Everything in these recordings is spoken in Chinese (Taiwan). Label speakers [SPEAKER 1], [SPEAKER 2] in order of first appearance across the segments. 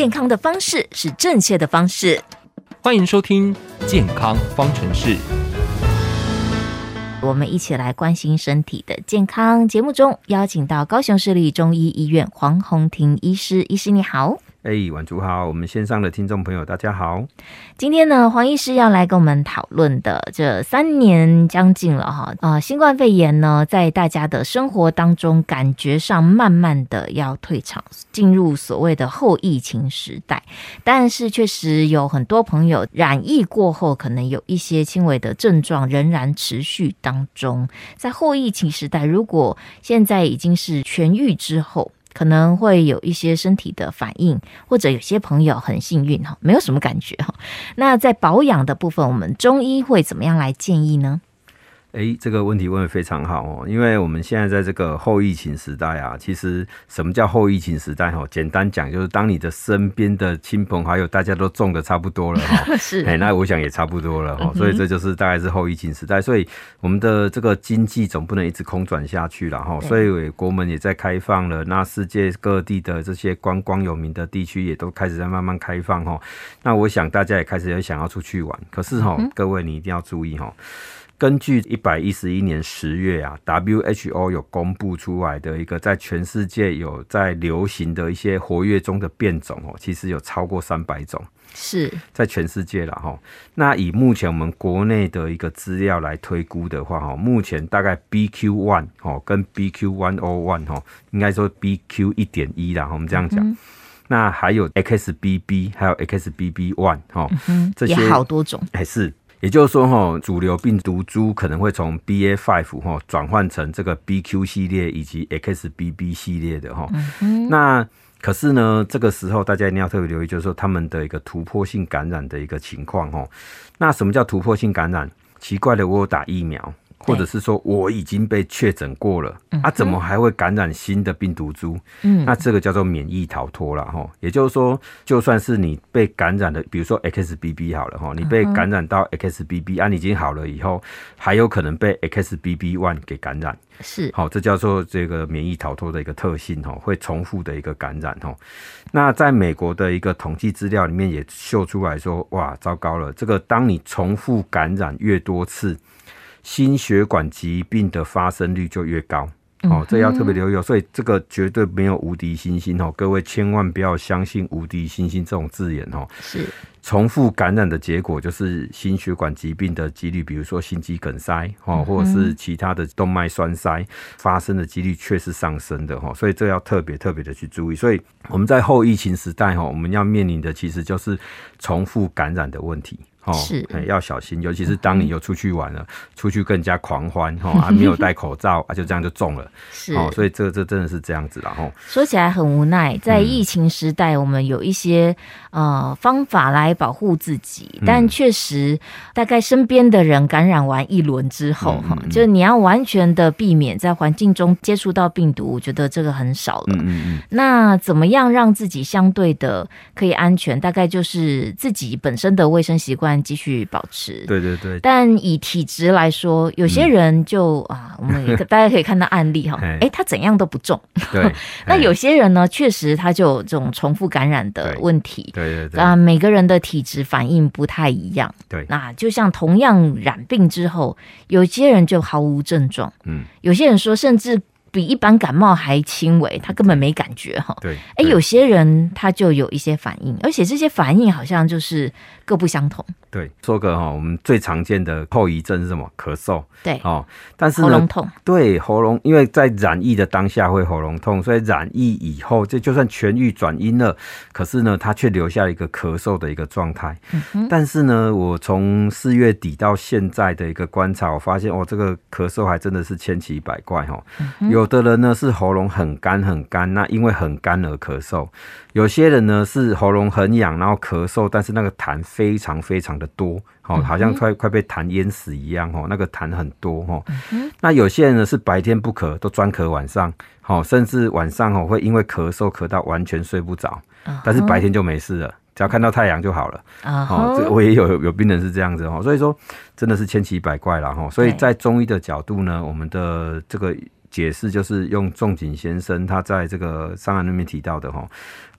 [SPEAKER 1] 健康的方式是正確的方式。歡迎收聽《健康
[SPEAKER 2] 方程式》，
[SPEAKER 1] 我們一起來關心身體的健康。節目中邀請到高雄市立中醫醫院黃宏庭醫師，醫師你好。哎，hey, 晚主好，我們線上的聽眾朋友大家好。今天呢，黃醫師要來跟我們討論的，這三年將近了哈啊、呃，新冠肺炎呢，在大家的生活當中，感覺上慢慢的要退場，進入所謂的後疫情時代。但是確實有很多朋友染疫過後，可能有一些輕微的症狀仍然持續當中。在後疫情時代，如果現在已經是痊癒之後。可能會有一些身體的反應，或者有些朋友很幸運哈，沒有什麼感覺哈。那在保養的部分，我們中醫會怎麼樣來建議呢？
[SPEAKER 2] 哎，這個問題問得非常好哦，因為我們現在在這個後疫情時代啊，其實什麼叫後疫情時代？哈，簡單講就是當你的身邊的親朋好友大家都中的差不多了，哈， 是，哎，那我想也差不多了，哈、嗯哼，所以這就是大概是後疫情時代，所以我們的這個經濟總不能一直空轉下去了，哈對，所以國門也在開放了，那世界各地的這些觀光有名的地區也都開始在慢慢開放，哈，那我想大家也開始也想要出去玩，可是哈、哦，嗯、各位你一定要注意、哦，哈。根據一百一十一年十月啊，WHO 有公布出來的一個在全世界有在流行的一些活躍中的變種哦，其實有超過三百種，是在全世界了哈。那以目前我們國內的一個資料來推估的話哈，目前大概 BQ one 哦，跟 BQ one O one 哦，應該說 BQ 一點一啦，我們這樣講。嗯、那還有 XBB，還有 XBB one 哈，嗯、哼這些好多種，還、欸、是。也就是說，哈，主流病毒株可能會從 B A 5轉換成這個 B Q 系列以及 X B B 系列的哈。嗯、那可是呢，這個時候大家一定要特別留意，就是說他們的一個突破性感染的一個情況哈。那什麼叫突破性感染？奇怪的，我有打疫苗。或者是說我已經被確診過了，對啊，怎麼還會感染新的病毒株？嗯哼，那這個叫做免疫逃脫了哈。也就是說，就算是你被感染的，比如說 XBB 好了哈，你被感染到 XBB，嗯、哼啊，你已經好了以後，還有可能被 XBB1 給感染。是，好，這叫做這個免疫逃脫的一個特性哈，會重複的一個感染哈。那在美國的一個統計資料裡面也秀出來說，哇，糟糕了，這個當你重複感染越多次，心血管疾病的發生率就越高哦，嗯、哼這要特別留意。所以這個絕對沒有無敵星星哦，各位千萬不要相信無敵星星這種字眼哦。是重複感染的結果，就是心血管疾病的幾率，比如說心肌梗塞哦，或者是其他的動脈栓塞發生的幾率，卻是上升的哈。所以這要特別特別的去注意。所以我們在後疫情時代哈，我們要面臨的其實就是重複感染的問題。哦是，要小心，尤其是當你有出去玩了，嗯、出去更加狂歡，哈、哦，還、啊、沒有戴口罩， 啊，就這樣就中了。是，哦，所以這這真的是這樣子了，哈、哦。
[SPEAKER 1] 說起來很無奈，在疫情時代，我們有一些、嗯、呃方法來保護自己，嗯、但確實，大概身邊的人感染完一輪之後，哈、嗯嗯嗯，就是你要完全的避免在環境中接觸到病毒，我覺得這個很少了。嗯、嗯嗯。那怎麼樣讓自己相對的可以安全？大概就是自己本身的衛生習慣。繼續保持，對對對。但以體質來說，有些人就、嗯、啊，我們大家可以看到案例哈，哎、 欸，他怎樣都不重。對。 那有些人呢，確實他就有這種重複感染的問題。對對對。啊，對對對，每個人的體質反應不太一樣。對，對，對。那就像同樣染病之後，有些人就毫無症狀，嗯。有些人說，甚至。比一般感冒還輕微，他根本沒感覺哈。對，哎、欸，有些人他就有一些反應，而且這些反應好像就是各不相同。
[SPEAKER 2] 對，說個哈，我們最常見的後遺症是什麼？咳嗽。對，哦，但是喉嚨痛。對，喉嚨，因為在染疫的當下會喉嚨痛，所以染疫以後，這就，就算痊愈轉陰了，可是呢，他卻留下了一個咳嗽的一個狀態。嗯哼。但是呢，我從四月底到現在的一個觀察，我發現哦，這個咳嗽還真的是千奇百怪哈。有、嗯。有的人呢是喉嚨很乾很乾，那因為很乾而咳嗽；有些人呢是喉嚨很癢，然後咳嗽，但是那個痰非常非常的多，哦，好像快快被痰淹死一樣，哦，那個痰很多，哦。那有些人呢是白天不咳，都專咳晚上，哦，甚至晚上哦會因為咳嗽咳到完全睡不着，但是白天就沒事了，只要看到太陽就好了。啊，哦，這我也有有病人是這樣子，哈，所以說真的是千奇百怪了，哈。所以在中醫的角度呢，我們的這個。解釋就是用仲景先生他在這個傷寒那邊提到的哈，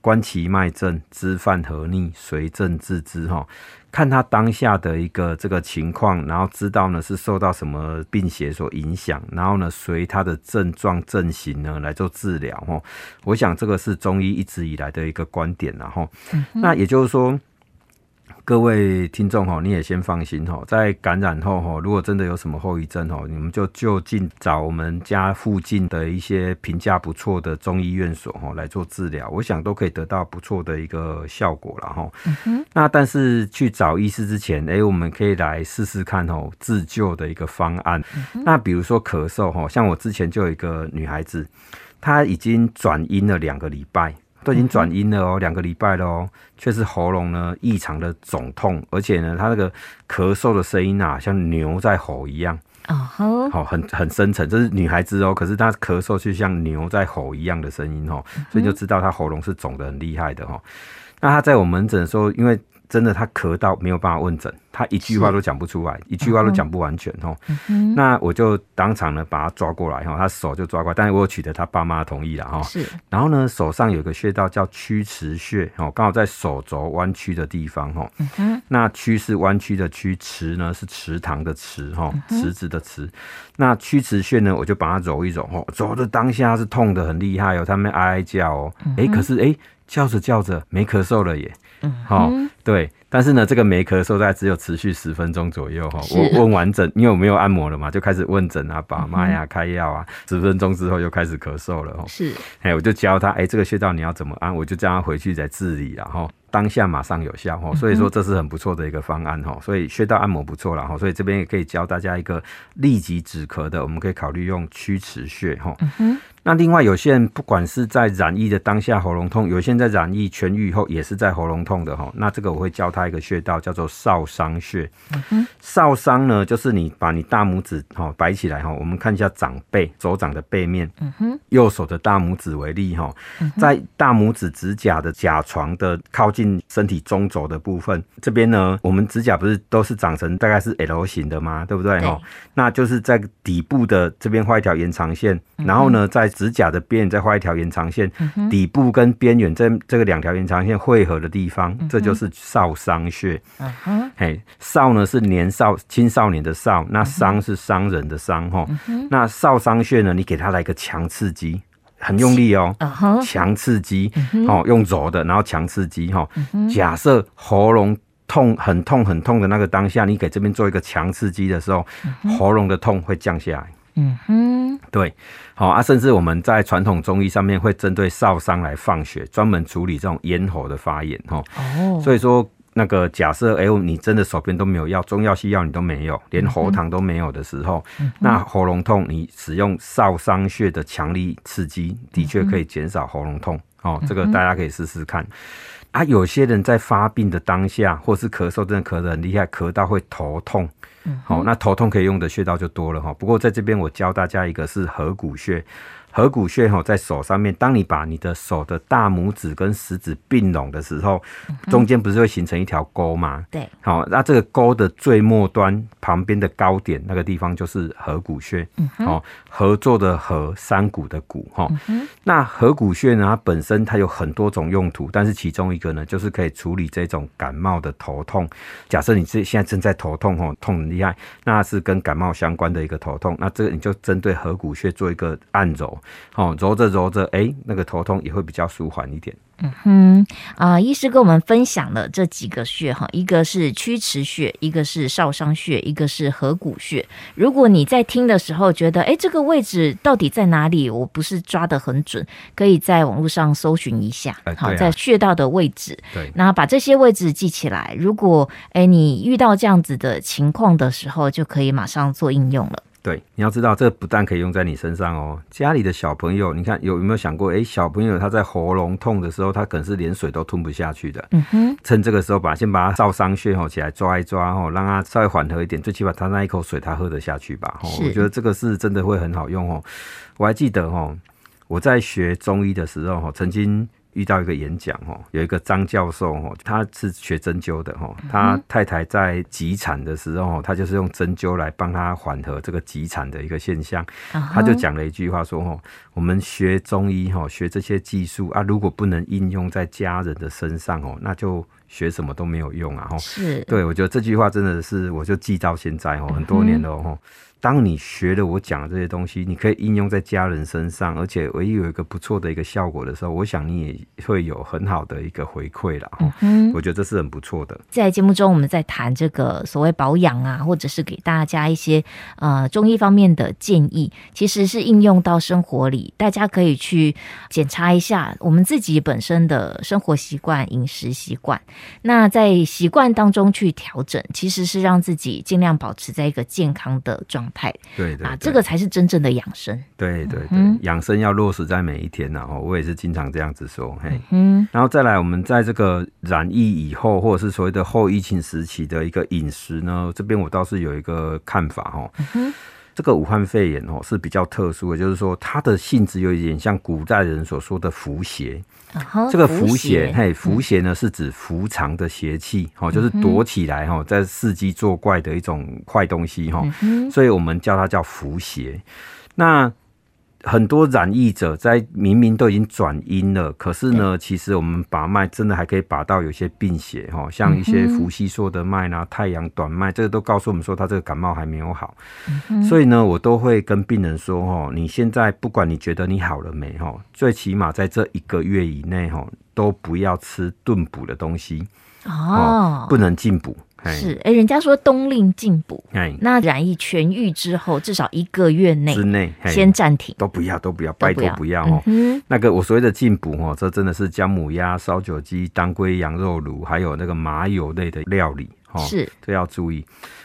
[SPEAKER 2] 觀其脈證，知犯何逆，隨證治之哈。看他當下的一個這個情況，然後知道呢是受到什麼病邪所影響，然後呢隨他的症狀症型呢來做治療哈。我想這個是中醫一直以來的一個觀點，然後、嗯、哼那也就是說。各位聽眾，你也先放心，在感染後哈，如果真的有什麼後遺症，你們就就近找我們家附近的一些評價不錯的中醫院所來做治療，我想都可以得到不錯的一個效果了哈。嗯、哼那但是去找醫師之前，欸、我們可以來試試看自救的一個方案。嗯、哼那比如說咳嗽哈，像我之前就有一個女孩子，她已經轉陰了兩個禮拜。都已經轉陰了哦、喔，兩個禮拜了哦、喔，卻是喉嚨呢異常的腫痛，而且呢，她那個咳嗽的聲音啊，像牛在吼一樣，
[SPEAKER 1] 哦好、uh huh. 喔、
[SPEAKER 2] 很很深沉，這是女孩子哦、喔，可是她咳嗽就像牛在吼一樣的聲音哦、喔，所以就知道她喉嚨是腫得很厲害的哦、喔。那她在我門診的時候，因為。真的，他咳到沒有辦法問診，他一句話都講不出來，是一句話都講不完全、嗯哼哦、那我就當場呢把他抓過來哈，他手就抓過來，但是我取得他爸媽同意了哈。是。然後呢，手上有一個穴道叫曲池穴哦，剛好在手肘彎曲的地方、嗯、哼那曲是彎曲的曲，池呢是池塘的池哈，池子的池。嗯、哼那曲池穴呢，我就把他揉一揉哦。揉的當下他是痛得很厲害、哦，他們哀哀叫哦。嗯哼欸、可是、欸叫着叫着沒咳嗽了耶，
[SPEAKER 1] 好、嗯、
[SPEAKER 2] 哼對，但是呢，這個沒咳嗽大概只有持續十分鐘左右哈。是我問完診，因為我沒有按摩了嘛，就開始問診啊，把脈呀，開藥啊。十、嗯、哼分鐘之後又開始咳嗽了，是，哎，我就教他，哎、欸，這個穴道你要怎麼按，我就叫他回去再治理，然後當下馬上有效哈。所以說，這是很不錯的一個方案哈，所以穴道按摩不錯啦。哈，所以這邊也可以教大家一個立即止咳的，我們可以考慮用曲池穴哈。嗯哼那另外有些人不管是在染疫的當下喉嚨痛，有些人在染疫痊癒以後也是在喉嚨痛的哈。那這個我會教他一個穴道，叫做少商穴。嗯哼。少商呢，就是你把你大拇指哈擺起來哈，我們看一下掌背，手掌的背面，嗯
[SPEAKER 1] 哼，
[SPEAKER 2] 右手的大拇指為例哈，在大拇指指甲的甲床的靠近身體中軸的部分，這邊呢，我們指甲不是都是長成大概是 L 型的嗎？對不對哈？對。那就是在底部的這邊畫一條延長線，然後呢，在指甲的邊再畫一條延長線，嗯、哼底部跟邊緣這這個兩條延長線匯合的地方，嗯、哼這就是少商穴。
[SPEAKER 1] 嗯
[SPEAKER 2] 哼嘿，少呢是年少青少年的少，那商是商人的商哈。那少商穴呢，你給他來個強刺激，很用力哦、喔，強、嗯、哼刺激哦，嗯、哼用揉的，然後強刺激哈。嗯、哼假設喉嚨痛很痛很痛的那個當下，你給這邊做一個強刺激的時候，喉嚨的痛會降下來。嗯哼，對，好啊，甚至我們在傳統中醫上面會針對少商來放血，專門處理這種咽喉的發炎哦。所以說那個假設，哎、欸，你真的手邊都沒有藥，中藥西藥你都沒有，連喉糖都沒有的時候，嗯、哼那喉嚨痛，你使用少商穴的強力刺激，的確可以減少喉嚨痛、嗯、哼哦。這個大家可以試試看。啊，有些人在發病的當下，或是咳嗽，真的咳得很厲害，咳到會頭痛。好，嗯哼，那頭痛可以用的穴道就多了哈。不過在這邊，我教大家一個是合谷穴。合谷穴哈，在手上面，當你把你的手的大拇指跟食指併攏的時候，嗯、哼中間不是會形成一條溝嗎？對，好、喔，那這個溝的最末端旁邊的高點，那個地方就是合谷穴。嗯哼，好、喔，合作的合，山谷的谷，哈、喔。嗯、哼那合谷穴呢，它本身它有很多種用途，但是其中一個呢，就是可以處理這種感冒的頭痛。假設你是現在正在頭痛，吼，痛很厲害，那是跟感冒相關的一個頭痛，那這個你就針對合谷穴做一個按揉。哦，揉着揉着，哎、欸，那個頭痛也會比較舒緩一點。
[SPEAKER 1] 嗯哼，啊、呃，醫師跟我們分享了這幾個穴哈，一個是曲池穴，一個是少商穴，一個是合谷穴。如果你在聽的時候覺得，哎、欸，這個位置到底在哪裡？我不是抓得很準，可以在網絡上搜尋一下。好、欸，啊、在穴道的位置，對，那把這些位置記起來。如果哎、欸，你遇到這樣子的情況的時候，就可以馬上做應用了。
[SPEAKER 2] 對，你要知道，這個、不但可以用在你身上哦，家裡的小朋友，你看有有沒有想過？哎，小朋友他在喉嚨痛的時候，他可能是連水都吞不下去的。嗯哼，趁這個時候吧，先把他少商穴吼起來抓一抓吼，讓他稍微緩和一點，最起碼他那一口水他喝得下去吧。是。我覺得這個是真的會很好用哦。我還記得哦，我在學中醫的時候哈，曾經。遇到一個演講哦，有一個張教授哦，他是學針灸的哈，他太太在急產的時候，他就是用針灸來幫他緩和這個急產的一個現象，他就講了一句話說哦，我們學中醫哈，學這些技術啊，如果不能應用在家人的身上哦，那就。學什麼都沒有用啊！吼，是，對我覺得這句話真的是，我就記到現在哦，很多年了哦。嗯、哼當你學了我講的這些東西，你可以應用在家人身上，而且唯一有一個不錯的一個效果的時候，我想你也會有很好的一個回饋了啊！嗯哼，我覺得這是很不錯的。
[SPEAKER 1] 在節目中，我們在談這個所謂保養啊，或者是給大家一些呃中醫方面的建議，其實是應用到生活裡，大家可以去檢查一下我們自己本身的生活習慣、飲食習慣。那在習慣當中去調整，其實是讓自己盡量保持在一個健康的狀態。對的啊，這個才是真正的養生。
[SPEAKER 2] 對對對，養生要落實在每一天。然後啊，我也是經常這樣子說。嘿，嗯哼，然後再來，我們在這個染疫以後，或者是所謂的後疫情時期的一個飲食呢，這邊我倒是有一個看法哈。嗯這個武漢肺炎哦是比較特殊的，就是說它的性質有一點像古代人所說的伏“伏邪、哦呵”。這個伏“伏邪諧”嘿，“伏邪”呢是指伏藏的邪氣哦，嗯、哼就是躲起來哈，在伺機作怪的一種壞東西哈，嗯、哼所以我們叫它叫“伏邪”。那很多染疫者，在明明都已經轉陰了，可是呢，對其實我們把脈真的還可以把到有些病邪哈，像一些浮細數的脈呢、啊，嗯、哼太陽短脈，這個都告訴我們說他這個感冒還沒有好，嗯、哼所以呢，我都會跟病人說，你現在不管你覺得你好了沒，最起碼在這一個月以內哈，都不要吃燉補的東西哦，哦，不能進補。是，
[SPEAKER 1] 哎、欸，人家說冬令進補，欸、那染疫痊癒之後，至少一個月內之
[SPEAKER 2] 內先暫停，都不要，都不要，拜託不要哦。要嗯、哼那個我所謂的進補哦，這真的是薑母鴨、燒酒雞、當歸羊肉爐，還有那個麻油類的料理哦，是，這要注意。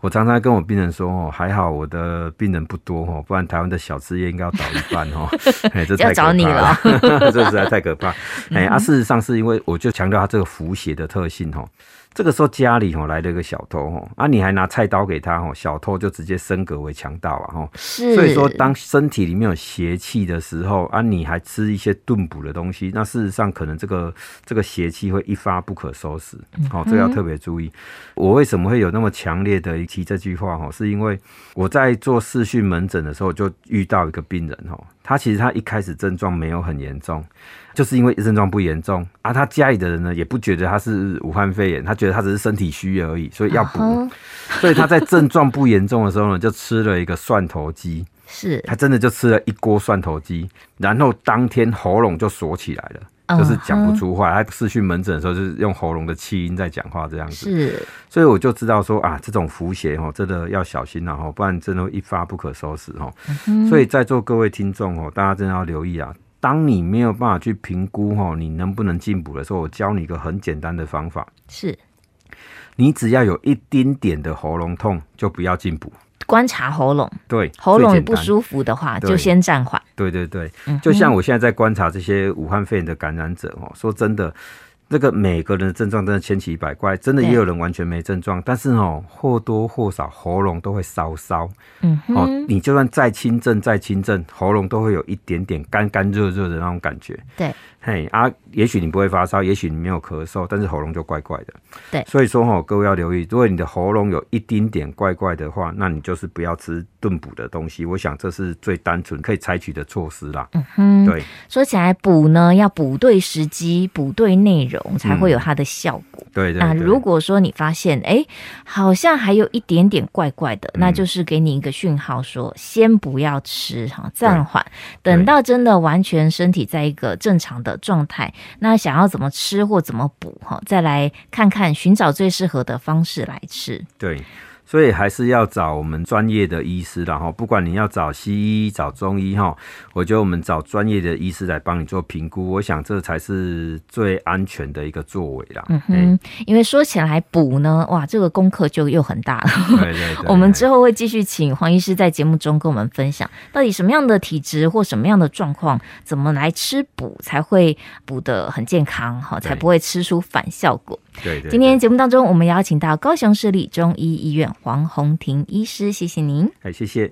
[SPEAKER 2] 我常常跟我病人說哦，還好我的病人不多哦，不然台灣的小吃業應該要倒一半哦。哎、 欸，這太可怕了，找你了 這實在太可怕。哎、欸，嗯、哼啊，事實上是因為我就強調它這個腐血的特性這個時候家裡哦，來了一個小偷哦，啊你還拿菜刀給他哦，小偷就直接升格為強盜啊。是所以說當身體裡面有邪氣的時候，啊你還吃一些燉補的東西，那事實上可能這個這個邪氣會一發不可收拾哦，這個要特別注意。嗯、哼我為什麼會有那麼強烈的一期這句話哦，是因為我在做視訊門診的時候就遇到一個病人哦。他其實他一開始症狀沒有很嚴重，就是因為症狀不嚴重而、啊、他家裡的人呢也不覺得他是武漢肺炎，他覺得他只是身體虛而已，所以要補，uh huh. 所以他在症狀不嚴重的時候呢，就吃了一個蒜頭雞， 是，他真的就吃了一鍋蒜頭雞，然後當天喉嚨就鎖起來了。就是講不出話，他視訊門診的時候，就是用喉嚨的氣音在講話這樣子。是，所以我就知道說啊，這種伏邪哦，真的要小心哦、啊，不然真的會一發不可收拾哦。嗯、哼所以，在座各位聽眾哦，大家真的要留意啊。當你沒有辦法去評估哦，你能不能進補的時候，我教你一個很簡單的方法。是，你只要有一丁點的喉嚨痛，就不要進補。
[SPEAKER 1] 觀察喉嚨，
[SPEAKER 2] 對，喉嚨不舒服的話，對就先暫緩。對對對，就像我現在在觀察這些武漢肺炎的感染者哦，嗯、哼說真的，這、那個每個人的症狀真的千奇百怪，真的也有人完全沒症狀，對但是呢、喔，或多或少喉嚨都會燒燒。嗯哼，哦、
[SPEAKER 1] 喔，你
[SPEAKER 2] 就算再輕症再輕症，喉嚨都會有一點點乾乾熱熱的那種感覺。對。嘿啊，也許你不會發燒，也許你沒有咳嗽，但是喉嚨就怪怪的。對，所以說哈、哦，各位要留意，如果你的喉嚨有一丁點怪怪的話，那你就是不要吃燉補的東西。我想這是最單純可以採取的措施啦。嗯哼，
[SPEAKER 1] 對，說起來補呢，要補對時機，補對內容才會有它的效果。嗯、對對、對、對。那如果說你發現，哎、欸，好像還有一點點怪怪的，嗯、那就是給你一個訊號說，說先不要吃哈，暫緩，等到真的完全身體在一個正常的。狀態，那想要怎麼吃或怎麼補，再來看看尋找最適合的方式來吃。
[SPEAKER 2] 對。所以還是要找我們專業的醫師，然後不管你要找西醫找中醫哈，我覺得我們找專業的醫師來幫你做評估，我想這才是最安全的一個作為啦。
[SPEAKER 1] 嗯哼，因為說起來補呢，哇，這個功課就又很大了。對對對。 我們之後會繼續請黃醫師在節目中跟我們分享，到底什麼樣的體質或什麼樣的狀況，怎麼來吃補才會補得很健康，哈，才不會吃出反效果。對，對，今天節目當中，我們邀請到高雄市立中醫醫院黃宏庭醫師，謝謝您。
[SPEAKER 2] 哎，謝謝。